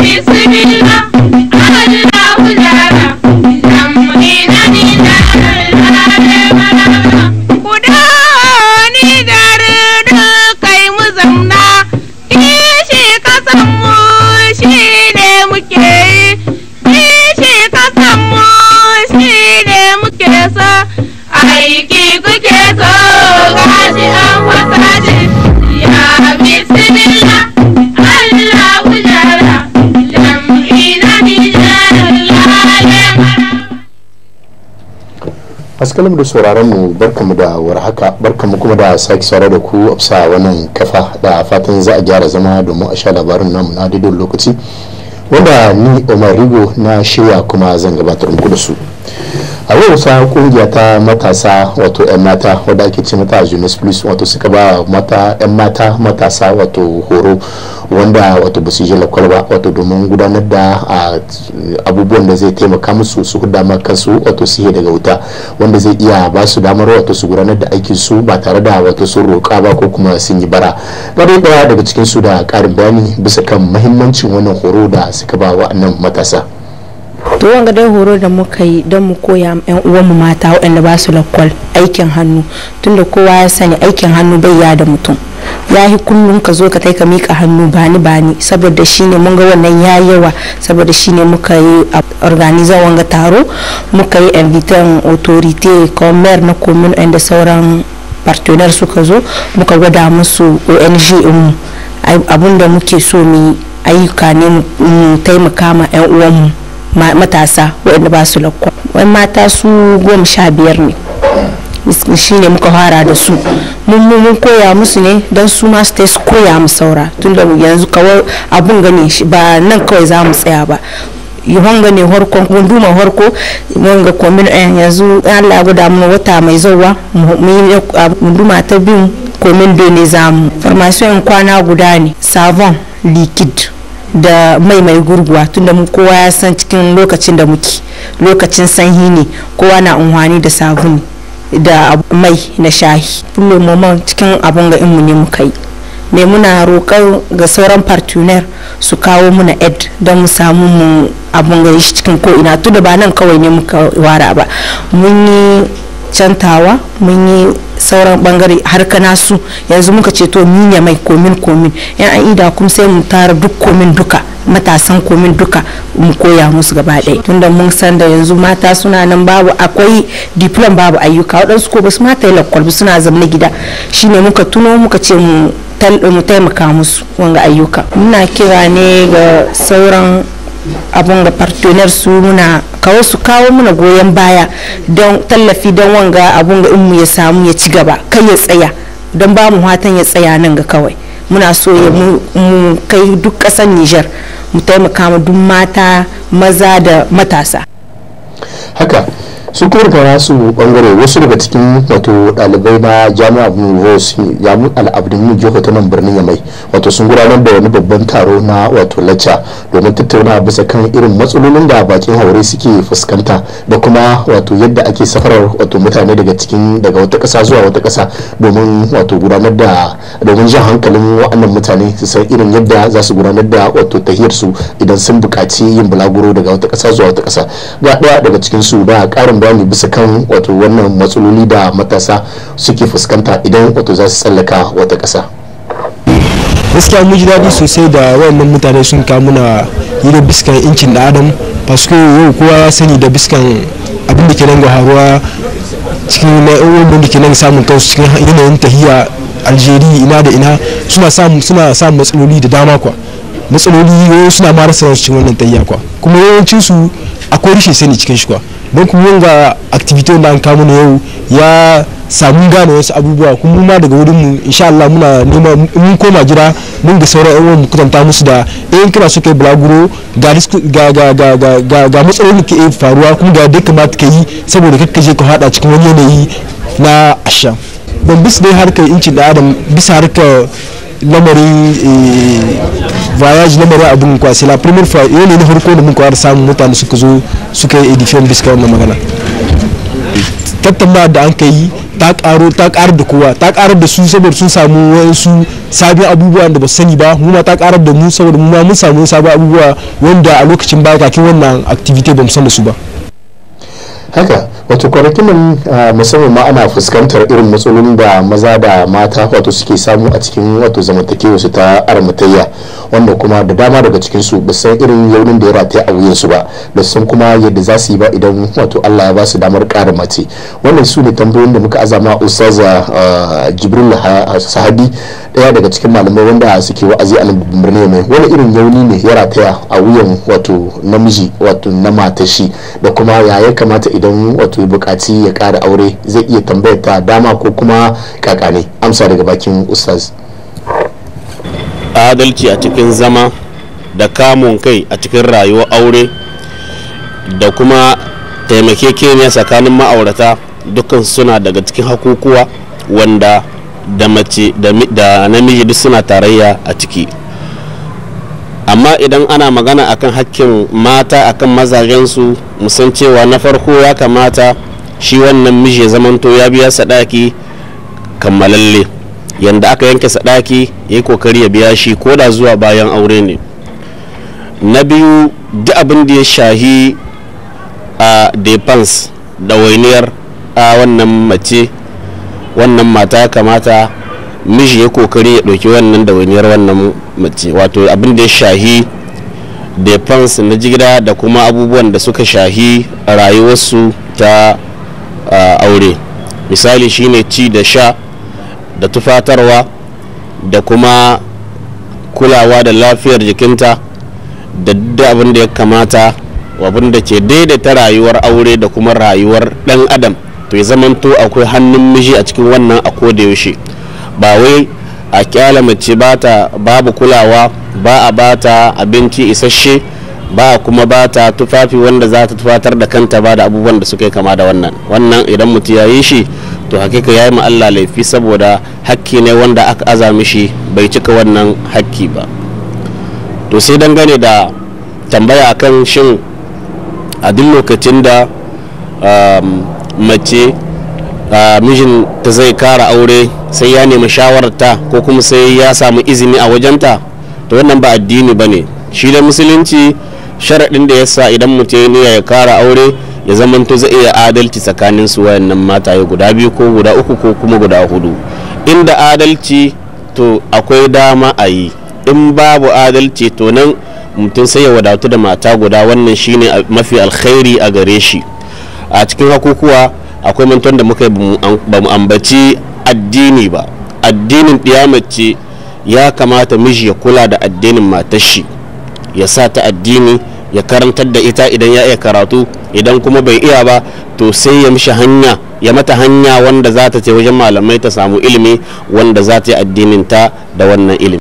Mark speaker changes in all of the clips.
Speaker 1: Yes, it is.
Speaker 2: kallon da sauraron mu barkamu da warhaka barkamu kuma da sake saura da ku a wannan kafa da fatan za a gyara zama domin a sha labarin namu na daidai lokaci wanda ni Omar Rigo na shirya kuma zan gabatar muku da su. a yau wasa kungiya ta matasa wato 'yan mata wadda ake ce mata junis plus wato suka ba 'yan mata matasa wato horo wanda wato basu yi lakwal ba wato domin gudanar da abubuwan da zai taimaka musu su dama kansu wato su daga wuta wanda zai iya ba su damar wato su gudanar da aikin su ba tare da wato sun roƙa ba ko kuma sun yi bara gare daya daga cikin su da karin bayani bisa kan mahimmancin wannan horo da suka ba wa'annan matasa
Speaker 1: to wanga dai horo da muka yi don mu koya yan uwanmu mata waɗanda ba su lakwal aikin hannu tunda kowa ya sani aikin hannu bai ya da mutum ya yi kullum ka zo ka kai ka mika hannu bani bani saboda shine mun ga wannan ya yawa saboda shine muka yi organizan wanga taro muka yi invitan authority commer na komin da sauran partner suka zo muka gwada musu ong mu da muke so mu ayyuka ne mu taimaka ma 'yan mu. matasa waɗanda ba su lakwa wani mata su goma sha biyar ne shi ne muka fara da su mun mun koya musu ne don su ma su ta koya mu saura tun da yanzu kawai abun gani ba nan kawai za mu tsaya ba wanga ne harkon gunduma harko ga komin eh, yanzu Allah guda mu wata mai zauwa mu gunduma ta bin komin ne zamu farmasiyon kwana guda ne savon liquid da mai mai gurguwa tunda mu kowa ya san cikin lokacin da muke lokacin sanyi ne kowa na unhwani da sabuni da mai na shahi kullum cikin abin ga inmu ne muka yi ne muna roƙar ga sauran partner su kawo muna ed don mu samu mu abin ga cikin ko'ina tunda ba nan kawai ne muka wara ba mun yi cantawa mun yi sauran bangare har kana su yanzu muka ce to ni ne mai komin komin yan an ida kuma sai mu tara duk komin duka matasan komin duka mu koya musu gaba ɗaya tunda mun san da yanzu mata suna nan babu akwai diplom babu ayyuka waɗansu ko basu mata yi lakwal suna zamna gida shine muka tuno muka ce mu taimaka musu wanga ayyuka muna kira ne ga sauran abun ga partner su muna kawo su kawo muna goyon baya don tallafi don wanga abun ga mu ya samu ya ci gaba kai ya tsaya don ba mu hatan ya tsaya nan ga kawai muna so ya mu kai duk ƙasar Nijar mu taimaka mu duk mata maza da matasa haka
Speaker 2: su kurka nasu bangare wasu daga cikin wato dalibai na jami'a yamu al'abdin jiho ta nan birnin yamai wato sun gudanar da wani babban taro na wato lacca domin tattauna bisa kan irin matsalolin da bakin haure suke fuskanta da kuma wato yadda ake safarar wato mutane daga cikin daga wata kasa zuwa wata kasa domin wato gudanar da domin jan hankalin waɗannan mutane su san irin yadda za su gudanar da wato tahiyar su idan sun buƙaci yin bulaguro daga wata kasa zuwa wata kasa ga ɗaya daga cikin su ba ƙarin kan bayani bisa kan wato wannan matsaloli da matasa suke fuskanta idan wato za su tsallaka wata ƙasa
Speaker 3: gaskiya mun ji daɗi sosai da wayannan mutane sun kamuna yi da biskan incin da adam fasko yau kowa ya sani da biskan abin da ke nan haruwa cikin wannan da ke nan samun kansu cikin yanayin tahiya aljeri ina da ina suna samun matsaloli da dama kwa matsaloli suna marasa cikin wannan tahiya kwa kuma yawancinsu. akwai rishin sani cikin shi kuwa don kuma ga activity wanda an kama yau ya samu gane wasu abubuwa kuma mu ma daga wurin mu insha Allah muna nema mun koma gida mun ga sauran yan uwan mu kutanta musu da eh, in kana so kai bulaguro ga ga ga ga ga ga matsalolin ke faruwa kuma ga dai kamata ka yi saboda kar ka je ka hada cikin wani yanayi na asha don bisa dai harkar incin da adam bisa harkar lamarin eh, voyage na mara abin kwa la première fois yau ne na farko da muka samu mutane suka zo suka yi edition biska wannan magana tattamba da an kai ta karo ta karar da kowa ta karar da su saboda sun samu wasu sabbin abubuwa da ba sani ba mu ma ta karar da mu saboda mu ma mun samu sabbin abubuwa wanda a lokacin baya kakin wannan activity ba mu san da su ba haka
Speaker 2: wato kwanakin nan musamman ma ana fuskantar irin matsalolin da maza da mata wato suke samu a cikin wato zamantakewa su ta armatayya wanda kuma da dama daga cikin su ba san irin yaunin da ya rataya a su ba da san kuma yadda za su yi ba idan wato Allah ya ba su damar ƙara mace wannan su ne tambayoyin da muka azama ustaza ah, jibril sahabi daya daga cikin malamai wanda suke wa'azi a birnin mai wani irin yauni ne ya rataya a wuyan wato namiji wato na mata shi da kuma ya ya kamata idan wato bukaci ya ƙara aure zai iya tambayar ta dama ko kuma kakane amsa daga bakin ustaz
Speaker 4: adalci a cikin zama da kamun kai a cikin rayuwar aure da kuma taimakekeniya tsakanin ma'aurata dukkan suna daga cikin hakukuwa wanda da mace da namiji duk suna tarayya a ciki amma idan ana magana akan hakkin mata akan mazajensu musan cewa na farko ya kamata shi wannan miji zamanto ya biya sadaki kammalalle yanda aka yanke sadaki ya yi kokari ya biya shi ko da zuwa bayan aure ne na biyu duk abin da ya shahi a defans da wainiyar a wannan mace wannan mata kamata miji ya kokari ya ɗauki wannan da wainiyar wannan mace wato abin da ya shahi defans na jigida da kuma abubuwan da suka shahi rayuwarsu ta aure misali shine ci da sha da tufatarwa da kuma kulawa da lafiyar jikinta da duk abin da ya kamata abin da ke daidaita rayuwar aure da kuma rayuwar ɗan adam to ya zamanto akwai hannun miji a cikin wannan a yaushe ba wai a kyala mace bata babu kulawa ba a bata abinci isasshe ba a kuma bata tufafi wanda za ta tufatar da kanta ba da abubuwan da suke kama da wannan wannan idan mutum ya yi shi to hakika ya yi ma Allah laifi saboda hakki ne wanda aka aza mishi bai cika wannan hakki ba to sai dangane da tambaya akan shin a duk lokacin da um, mace mijin ta zai kara aure sai ya nemi shawarta ko kuma sai ya samu izini a wajenta to wannan ba addini ba ne shi da musulunci sharaɗin da ya sa idan mutum ya kara aure ya zamanto zai iya adalci tsakanin su wayannan mataye guda biyu ko guda uku ko kuma guda hudu inda adalci to akwai dama a yi in babu adalci to nan mutum sai ya wadatu da mata guda wannan shine mafi alkhairi a gare shi a cikin hakukuwa akwai manton da muka ba mu ambaci addini ba addinin ɗiyamace ya kamata miji ya kula da addinin matashi shi ya sa ta addini ya karantar da ita idan ya iya karatu idan kuma bai iya ba to sai ya mishi hanya ya mata hanya wanda za ta ce wajen malamai ta samu ilimi wanda za ta yi addinin ta da wannan ilimi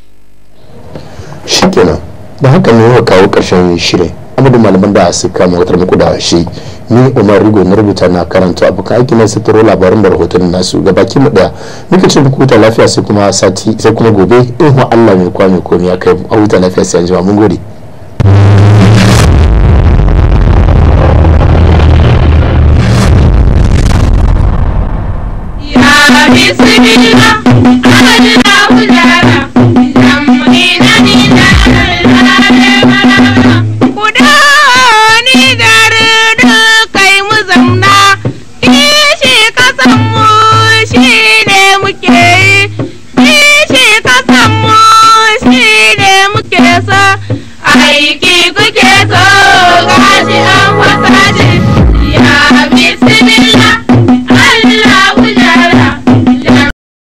Speaker 4: shikenan
Speaker 2: da haka ne muka kawo karshen shirin amadu malaman da kama mawatar muku da shi ni umar rigo na rubuta na karanta abokan aiki na tattaro labarin da rahoton nasu ga baki mu daya muka ce muku lafiya sai kuma sati sai kuma gobe in allah mai kwa komi komai ya kai a huta lafiya sai an jima mun gode
Speaker 1: It's a good love, I love that.